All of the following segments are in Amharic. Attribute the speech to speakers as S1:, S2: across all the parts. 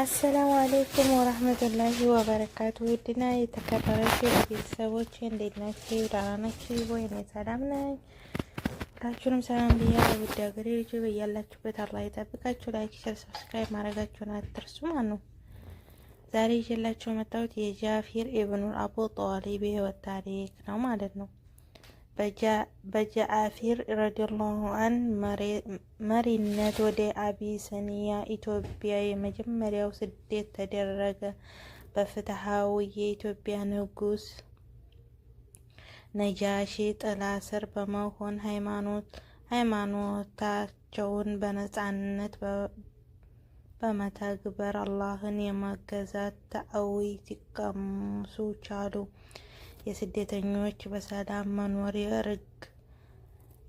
S1: አሰላሙ አሌይኩም ወረህመቱላሂ ወበረካቱ። ውድና የተከበራችሁ ቤተሰቦች እንዴት ናችሁ? ደህና ናችሁ ወይ? እኔ ሰላም ነኝ። ሁላችሁንም ሰላም ብያለሁ። ውድ ሀገሬ ልጅ በያላችሁበት አላህ ይጠብቃችሁ። ላይክ፣ ሸር፣ ሰብስክራይብ ማድረጋችሁን አትርሱ። ማን ነው ዛሬ ይዤላችሁ የመጣሁት የጃፊር ኢብኑል አቡ ጧሊብ የህይወት ታሪክ ነው ማለት ነው። በጃአፊር ረዲላሁ አን መሪነት ወደ አቢሰኒያ ኢትዮጵያ የመጀመሪያው ስደት ተደረገ። በፍትሐዊ የኢትዮጵያ ንጉሥ ነጃሺ ጥላ ስር በመሆን ሃይማኖታቸውን በነጻነት በመተግበር አላህን የመገዛት ተአዊ ሲቀምሱ ቻሉ። የስደተኞች በሰላም መኖር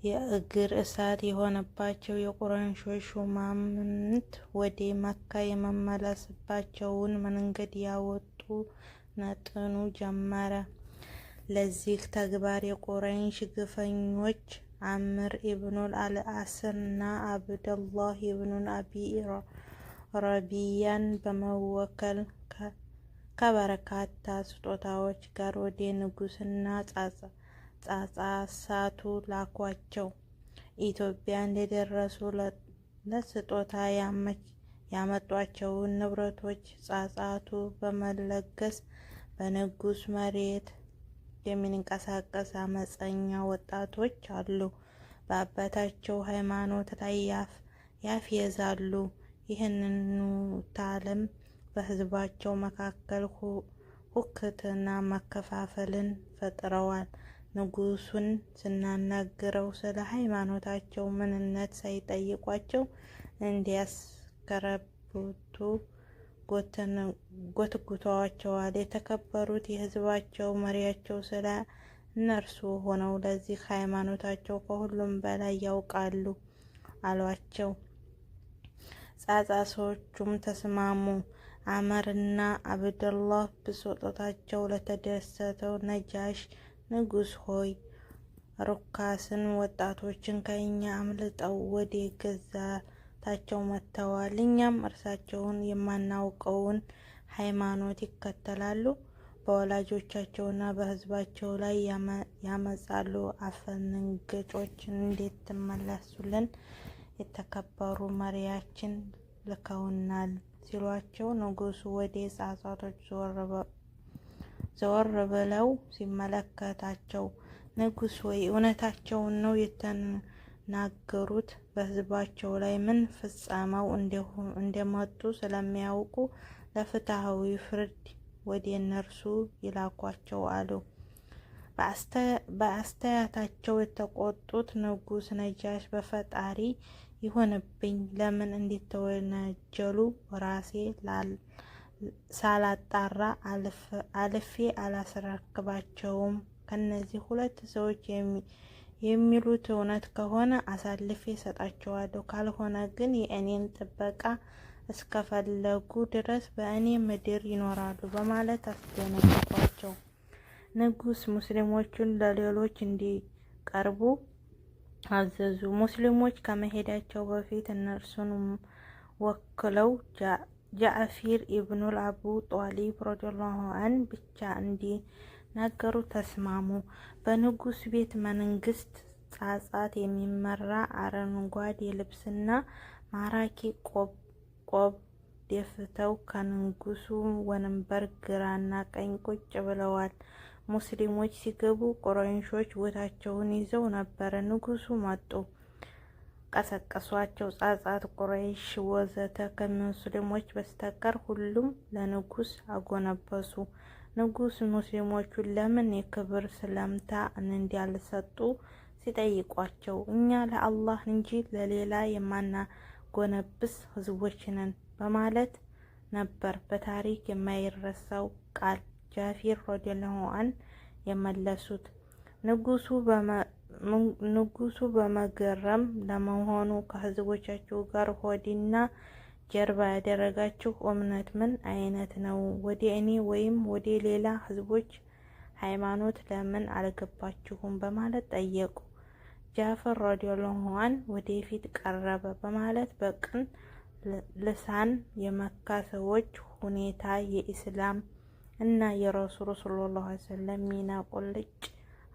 S1: የእግር እሳት የሆነባቸው የቁረንሾች ሹማምንት ወደ መካ የመመለስባቸውን መንገድ ያወጡ ነጥኑ ጀመረ። ለዚህ ተግባር የቁረንሽ ግፈኞች አምር ኢብኑል ና አብደላህ ኢብኑን አቢ ረቢያን በመወከል ከበርካታ ስጦታዎች ጋር ወደ ንጉሥና ጻጻሳቱ ላኳቸው። ኢትዮጵያ እንደደረሱ ለስጦታ ያመጧቸውን ንብረቶች ጻጻቱ በመለገስ በንጉሥ መሬት የሚንቀሳቀስ አመፀኛ ወጣቶች አሉ። በአባታቸው ሃይማኖት ላይ ያፌዛሉ። ይህንኑ ታለም በህዝባቸው መካከል ሁከትና መከፋፈልን ፈጥረዋል። ንጉሱን ስናናግረው ስለ ሃይማኖታቸው ምንነት ሳይጠይቋቸው እንዲያስከረብቱ ጎትጉተዋቸዋል። የተከበሩት የህዝባቸው መሪያቸው ስለ እነርሱ ሆነው ለዚህ ሃይማኖታቸው ከሁሉም በላይ ያውቃሉ አሏቸው። ጻጻሶቹም ተስማሙ። አመርና አብደላህ ብሶጦታቸው ለተደሰተው ነጃሽ ንጉስ ሆይ ሩካስን ወጣቶችን ከእኛ አምልጠው ወደ ገዛታቸው መጥተዋል። እኛም እርሳቸውን የማናውቀውን ሃይማኖት ይከተላሉ፣ በወላጆቻቸውና በህዝባቸው ላይ ያመጻሉ። አፈንገጮች እንዴት ትመለሱልን? የተከበሩ መሪያችን ልከውናል። ሲሏቸው ንጉሱ ወደ ጻጻቶች ዘወር ብለው ሲመለከታቸው፣ ንጉሥ ወይ እውነታቸውን ነው የተናገሩት። በህዝባቸው ላይ ምን ፈጽመው እንደመጡ ስለሚያውቁ ለፍትሐዊ ፍርድ ወደ እነርሱ ይላኳቸው አሉ። በአስተያየታቸው የተቆጡት ንጉስ ነጃሽ በፈጣሪ ይሆንብኝ ለምን ተወነጀሉ? ራሴ ሳላጣራ አልፌ አላስረክባቸውም? ከነዚህ ሁለት ሰዎች የሚሉት እውነት ከሆነ አሳልፌ እሰጣቸዋለሁ፣ ካልሆነ ግን የእኔን ጥበቃ እስከፈለጉ ድረስ በእኔ ምድር ይኖራሉ በማለት አስደነግጧቸው። ንጉስ ሙስሊሞቹን ለሌሎች እንዲቀርቡ አዘዙ። ሙስሊሞች ከመሄዳቸው በፊት እነርሱን ወክለው ጃዕፊር ኢብኑል አቡ ጧሊብ ረዲየላሁ አን ብቻ እንዲነገሩ ተስማሙ። በንጉስ ቤት መንግስት ጻጻት የሚመራ አረንጓዴ ልብስና ማራኪ ቆብ ደፍተው ከንጉሱ ወንበር ግራና ቀኝ ቁጭ ብለዋል። ሙስሊሞች ሲገቡ ቁረይሾች ቦታቸውን ይዘው ነበረ። ንጉሱ መጡ፣ ቀሰቀሷቸው። ጻጻት፣ ቁረይሽ ወዘተ ከሙስሊሞች በስተቀር ሁሉም ለንጉስ አጎነበሱ። ንጉስ ሙስሊሞቹን ለምን የክብር ሰላምታ እንዳልሰጡ ሲጠይቋቸው እኛ ለአላህ እንጂ ለሌላ የማናጎነብስ ሕዝቦች ነን በማለት ነበር። በታሪክ የማይረሳው ቃል ጃፊር ረዲየላሁ አን የመለሱት። ንጉሱ በመገረም ለመሆኑ ከህዝቦቻችሁ ጋር ሆድና ጀርባ ያደረጋችሁ እምነት ምን አይነት ነው? ወደ እኔ ወይም ወደ ሌላ ህዝቦች ሃይማኖት ለምን አልገባችሁም? በማለት ጠየቁ። ጃፈር ረዲየላሁ ዐንሁ ወደፊት ቀረበ በማለት በቅን ልሳን የመካ ሰዎች ሁኔታ የኢስላም እና የረሱሉ ሰለላሁ ዐለይሂ ወሰለም ሚና ቁልጭ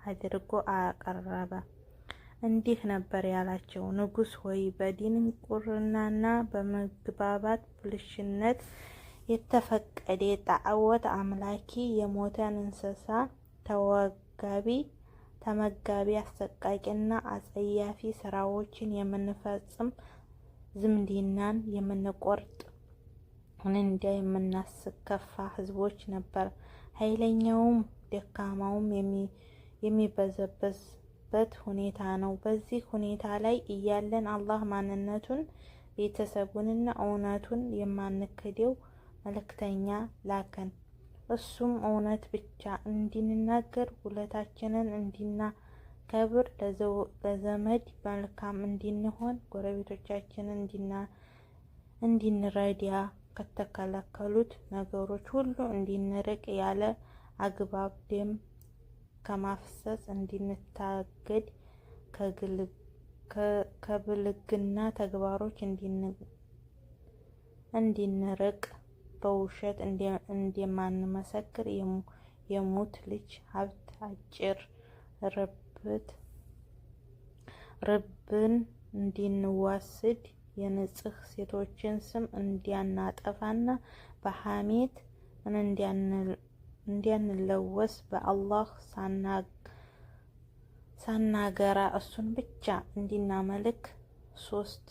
S1: አድርጎ አቀረበ። እንዲህ ነበር ያላቸው፣ ንጉስ ሆይ በዲን በመግባባት ብልሽነት የተፈቀደ ጣዖት አምላኪ የሞተን እንስሳ ተወጋቢ ተመጋቢ አሰቃቂና አጸያፊ ስራዎችን የምንፈጽም ዝምድናን የምንቆርጥ እንዲያ የምናስከፋ ህዝቦች ነበር። ኃይለኛውም ደካማውም የሚበዘበዝበት ሁኔታ ነው። በዚህ ሁኔታ ላይ እያለን አላህ ማንነቱን፣ ቤተሰቡንና እውነቱን የማንክደው መልእክተኛ ላከን። እሱም እውነት ብቻ እንድንናገር ውለታችንን ከብር ለዘመድ መልካም እንድንሆን፣ ጎረቤቶቻችንን እንድንረዳ ከተከለከሉት ነገሮች ሁሉ እንዲንርቅ ያለ አግባብ ደም ከማፍሰስ እንድንታገድ ከብልግና ተግባሮች እንድንርቅ በውሸት እንደማንመሰክር የሙት ልጅ ሀብት አጭር ርብን እንድንዋስድ የንጽህ ሴቶችን ስም እንዲያናጠፋና በሐሜት እንዲያንለወስ በአላህ ሳናገራ እሱን ብቻ እንዲናመልክ ሶስት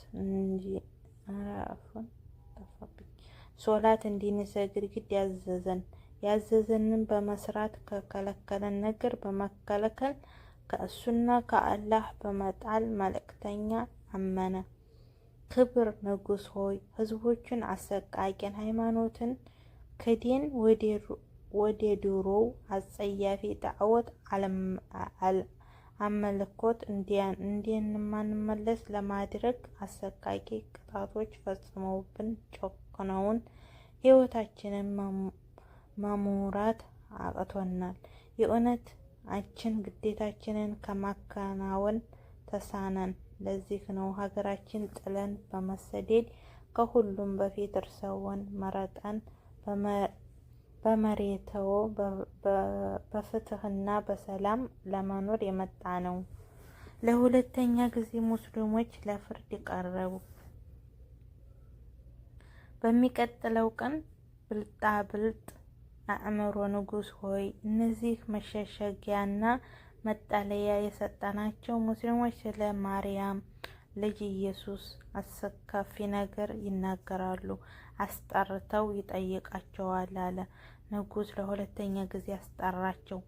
S1: ሶላት እንዲንሰግድ ግድ ያዘዘን ያዘዘንን በመስራት ከከለከለን ነገር በመከለከል ከእሱና ከአላህ በመጣል መልእክተኛ አመነ። ክብር ንጉሥ ሆይ ሕዝቦችን አሰቃየን፣ ሃይማኖትን ክዴን፣ ወደ ድሮው አጸያፊ ጣዖት አመልኮት እንድንመለስ ለማድረግ አሰቃቂ ቅጣቶች ፈጽመውብን ጨክነውን ሕይወታችንን መሙራት አቅቶናል። የእውነት አችን ግዴታችንን ከማከናወን ተሳነን። ለዚህ ነው ሀገራችን ጥለን በመሰደድ ከሁሉም በፊት እርሰውን መረጠን በመሬተው በፍትህና በሰላም ለመኖር የመጣ ነው። ለሁለተኛ ጊዜ ሙስሊሞች ለፍርድ ቀረቡ። በሚቀጥለው ቀን ብልጣብልጥ አእምሮ ንጉስ ሆይ እነዚህ መሸሸጊያና መጠለያ የሰጠናቸው ሙስሊሞች ስለ ማርያም ልጅ ኢየሱስ አስከፊ ነገር ይናገራሉ፣ አስጠርተው ይጠይቃቸዋል አለ። ንጉሥ ለሁለተኛ ጊዜ አስጠራቸው።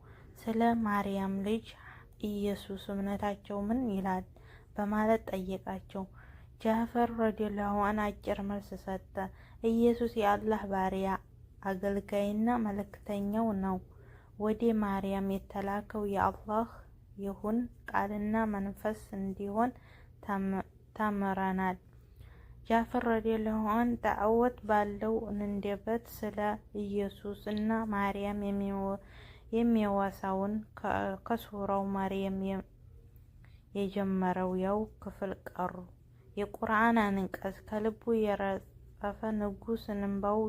S1: ስለ ማርያም ልጅ ኢየሱስ እምነታቸው ምን ይላል? በማለት ጠየቃቸው። ጃፈር ረዲላሁ አን አጭር መልስ ሰጠ። ኢየሱስ የአላህ ባሪያ አገልጋይና መልእክተኛው ነው። ወደ ማርያም የተላከው የአላህ ይሁን ቃልና መንፈስ እንዲሆን ተምረናል። ጃፈር ረዲየላሁ አን ዳዕወት ባለው አንደበት ስለ ኢየሱስ እና ማርያም የሚያወሳውን ከሱራው ማርያም የጀመረው ያው ክፍል ቀሩ። የቁርአን አንቀጽ ከልቡ የረጸፈ ንጉስ እንባው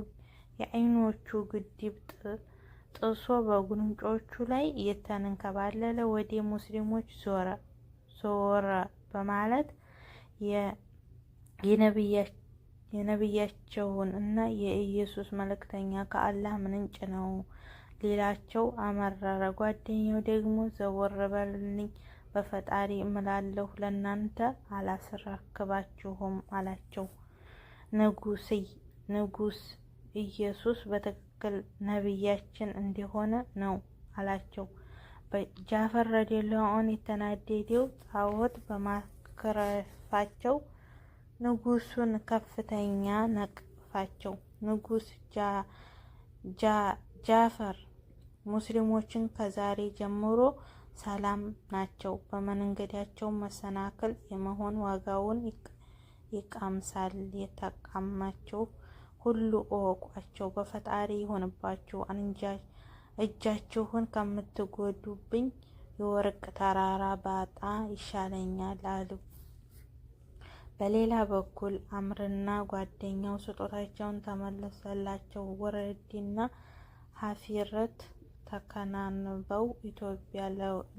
S1: የአይኖቹ ግድብ ጥሶ በጉንጮቹ ላይ እየተንከባለለ ወደ ሙስሊሞች ዞረ ዞረ በማለት የነብያቸውን እና የኢየሱስ መልእክተኛ ከአላህ ምንጭ ነው ሌላቸው አመረረ። ጓደኛው ደግሞ ዘወር በልልኝ በፈጣሪ እምላለሁ ለእናንተ አላስረክባችሁም አላቸው። ንጉስ ኢየሱስ በትክክል ትክክል ነቢያችን እንደሆነ ነው አላቸው። ጃፈር ረዲየላሁ ዐንሁ የተናደደው ጣዖት በማክረፋቸው ንጉሱን ከፍተኛ ነቅፋቸው። ንጉስ ጃፈር ሙስሊሞችን ከዛሬ ጀምሮ ሰላም ናቸው፣ በመንገዳቸው መሰናክል የመሆን ዋጋውን ይቃምሳል የተቃማቸው ሁሉ እወቋቸው። በፈጣሪ አንጃ እጃችሁን ከምትጎዱብኝ የወርቅ ተራራ ባጣ ይሻለኛል አሉ። በሌላ በኩል አምርና ጓደኛው ስጦታቸውን ተመለሰላቸው። ወረዲና ሀፊረት ተከናንበው ኢትዮጵያ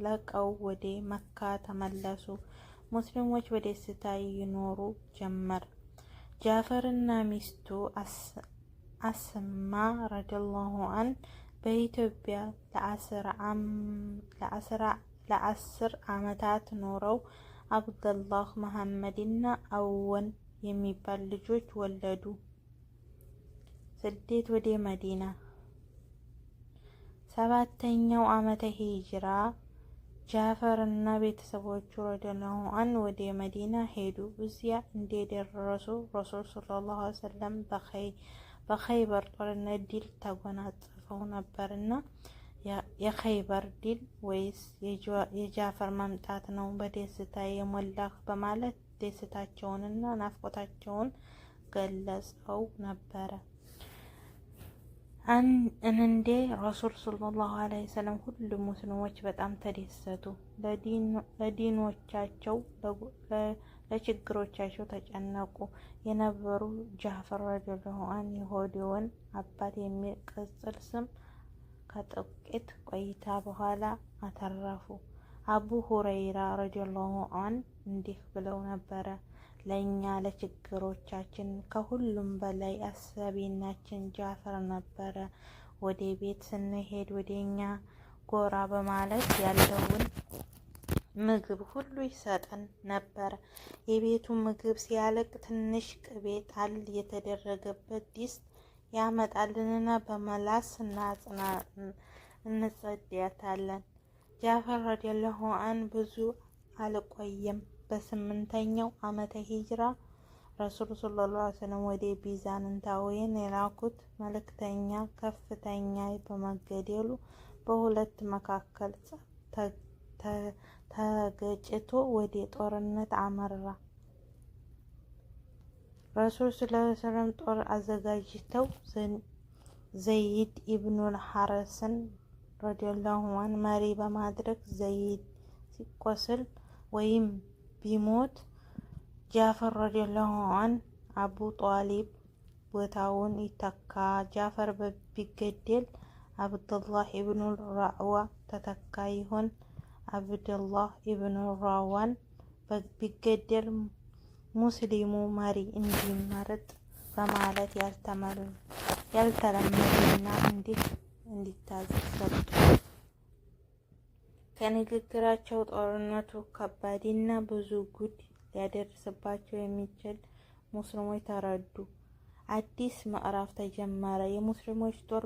S1: ለቀው ወደ መካ ተመለሱ። ሙስሊሞች በደስታ ይኖሩ ጀመር። ጃፈርና ሚስቱ አስማ ረዲየላሁ አን በኢትዮጵያ ለአስር ዓመታት ኖረው አብደላህ መሐመድና አወን የሚባል ልጆች ወለዱ። ስደት ወደ መዲና ሰባተኛው ዓመተ ሂጅራ ጃፈር እና ቤተሰቦቹ ረዲየላሁ ዐንሁ ወደ መዲና ሄዱ። እዚያ እንደደረሱ ረሱል ሰለላሁ ዐለይሂ ወሰለም በኸይበር ጦርነት ድል ተጎናጽፈው ነበርና የኸይበር ድል ወይስ የጃፈር መምጣት ነው በደስታ የሞላህ በማለት ደስታቸውንና ናፍቆታቸውን ገለጸው ነበረ። እንንዴ ረሱል ሰለላሁ ዐለይሂ ወሰለም ሁሉም ሙስሊሞች በጣም ተደሰቱ። ለዲኖቻቸው ለችግሮቻቸው ተጨነቁ። የነበሩ ጃፈር ረዲየላሁ ዐንሁ የሆዲውን አባት የሚል ቅጽል ስም ከጥቂት ቆይታ በኋላ አተረፉ። አቡ ሁረይራ ረዲየላሁ ዐንሁ እንዲህ ብለው ነበረ ለእኛ ለችግሮቻችን ከሁሉም በላይ አሳቢናችን ጃፈር ነበረ። ወደ ቤት ስንሄድ ወደ እኛ ጎራ በማለት ያለውን ምግብ ሁሉ ይሰጠን ነበረ። የቤቱ ምግብ ሲያለቅ ትንሽ ቅቤ ጣል የተደረገበት ዲስት ያመጣልንና በመላስ እናጽና እንጸድያታለን። ጃፈር ረዲየላሁ አን ብዙ አልቆየም። በስምንተኛው ዓመተ ሂጅራ ረሱል ሰለላሁ ወሰለም ወደ ቢዛንታውያን የላኩት መልእክተኛ ከፍተኛ በመገደሉ በሁለት መካከል ተገጭቶ ወደ ጦርነት አመራ። ረሱል ሰለላሁ ወሰለም ጦር አዘጋጅተው ዘይድ ኢብኑ ሐረስን ረዲየላሁ ዐንሁ መሪ በማድረግ ዘይድ ሲቆስል ወይም ቢሞት ጃፈር ረዲየላሁ አን አቡ ጧሊብ ቦታውን ይተካ። ጃፈር ቢገደል አብደላህ ኢብኑ ራዕዋ ተተካ ይሆን? አብደላህ ኢብኑ ራዋን ቢገደል ሙስሊሙ መሪ እንዲመርጥ በማለት ያልተለመደና እንዲህ እንዲታዘዝ ሰጡ። ከንግግራቸው ጦርነቱ ከባድና ብዙ ጉድ ሊያደርስባቸው የሚችል ሙስሊሞች ተረዱ። አዲስ ምዕራፍ ተጀመረ። የሙስሊሞች ጦር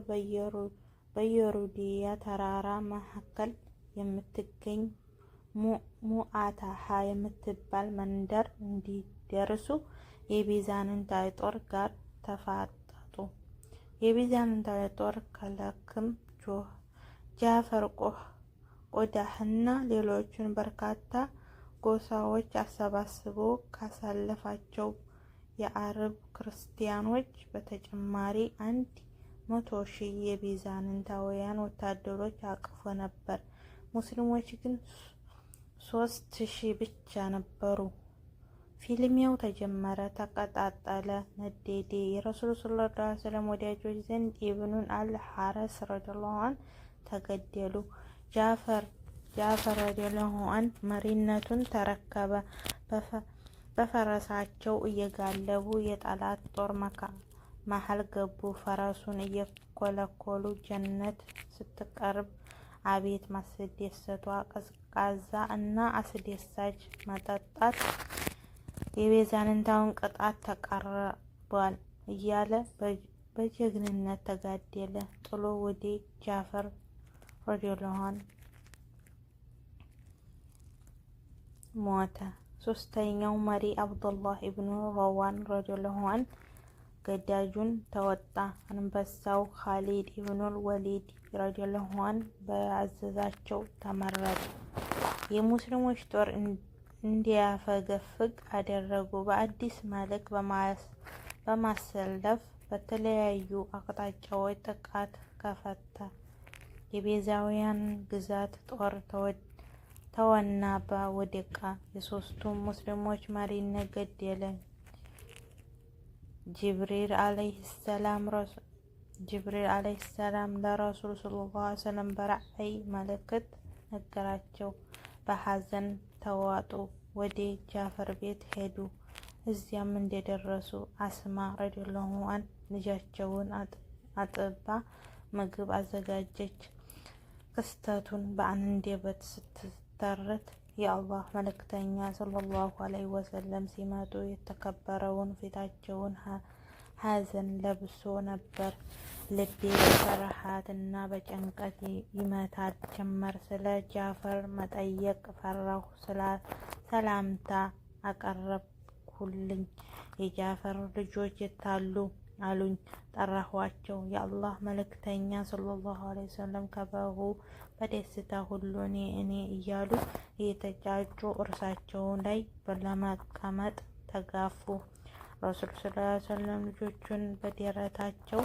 S1: በየሩዲያ ተራራ መካከል የምትገኝ ሙአታሃ የምትባል መንደር እንዲደርሱ የቢዛንንታዊ ጦር ጋር ተፋጠጡ። የቢዛንንታዊ ጦር ከለክም ጃፈር ቆህ እና ሌሎችን በርካታ ጎሳዎች አሰባስቦ ካሳለፋቸው የአረብ ክርስቲያኖች በተጨማሪ አንድ መቶ ሺህ የቢዛንታውያን ወታደሮች አቅፎ ነበር። ሙስሊሞች ግን ሶስት ሺህ ብቻ ነበሩ። ፊልሚያው ተጀመረ፣ ተቀጣጠለ፣ ነደደ። የረሱል ሰለላሁ ዐለይሂ ወሰለም ወዳጆች ዘንድ ኢብኑን አል ሐረስ ረዲየላሁ ዐንሁ ተገደሉ። ጃፈር ጃዕፈር ረዲየላሁ ዐንሁ መሪነቱን ተረከበ። በፈረሳቸው እየጋለቡ የጠላት ጦር መሃል ገቡ። ፈረሱን እየኮለኮሉ ጀነት ስትቀርብ አቤት ማስደሰቷ! ቀዝቃዛ እና አስደሳች መጠጣት የቤዛንንታውን ቅጣት ተቃርቧል እያለ በጀግንነት ተጋደለ። ጥሎ ወደ ጃፈር ረዲየላሁ ሞተ። ሶስተኛው መሪ አብዱላህ ኢብኑ ረዋን ረዲየላሁ ገዳጁን ተወጣ። አንበሳው ኻሊድ ኢብኑል ወሊድ ረዲየላሁ ዐንሁ በአዘዛቸው ተመረጠ። የሙስሊሞች ጦር እንዲያፈገፍግ አደረጉ። በአዲስ መልክ በማሰለፍ በተለያዩ አቅጣጫዎች ጥቃት ከፈተ። የቤዛውያን ግዛት ጦር ተወናባ ወደቃ። የሶስቱም ሙስሊሞች መሪነት ገደለ። ጅብሪል አለይሂ ሰላም ለረሱል ሰለላሁ ዓለይሂ ወሰለም በራእይ መልእክት ነገራቸው። በሐዘን ተዋጡ። ወደ ጃፈር ቤት ሄዱ። እዚያም እንደደረሱ አስማ ረዲየላሁ ዐንሃ ልጃቸውን አጥባ ምግብ አዘጋጀች። ክስተቱን በአንደበት ስትተርት የአላህ መልእክተኛ ሰለላሁ ዐለይሂ ወሰለም ሲመጡ የተከበረውን ፊታቸውን ሀዘን ለብሶ ነበር። ልቤ በፍርሃት እና በጭንቀት ይመታል። ጀመር። ስለ ጃፈር መጠየቅ ፈራሁ። ሰላምታ አቀረብኩልኝ። የጃፈር ልጆች የታሉ? አሉኝ። ጠራኋቸው። የአላህ መልእክተኛ ሰለላሁ ዐለይሂ ወሰለም ከበሩ በደስታ ሁሉኔ እኔ እያሉ እየተጫጩ እርሳቸው ላይ ለመቀመጥ ተጋፉ። ረሱል ሰለላሁ ዐለይሂ ወሰለም ልጆቹን በደረታቸው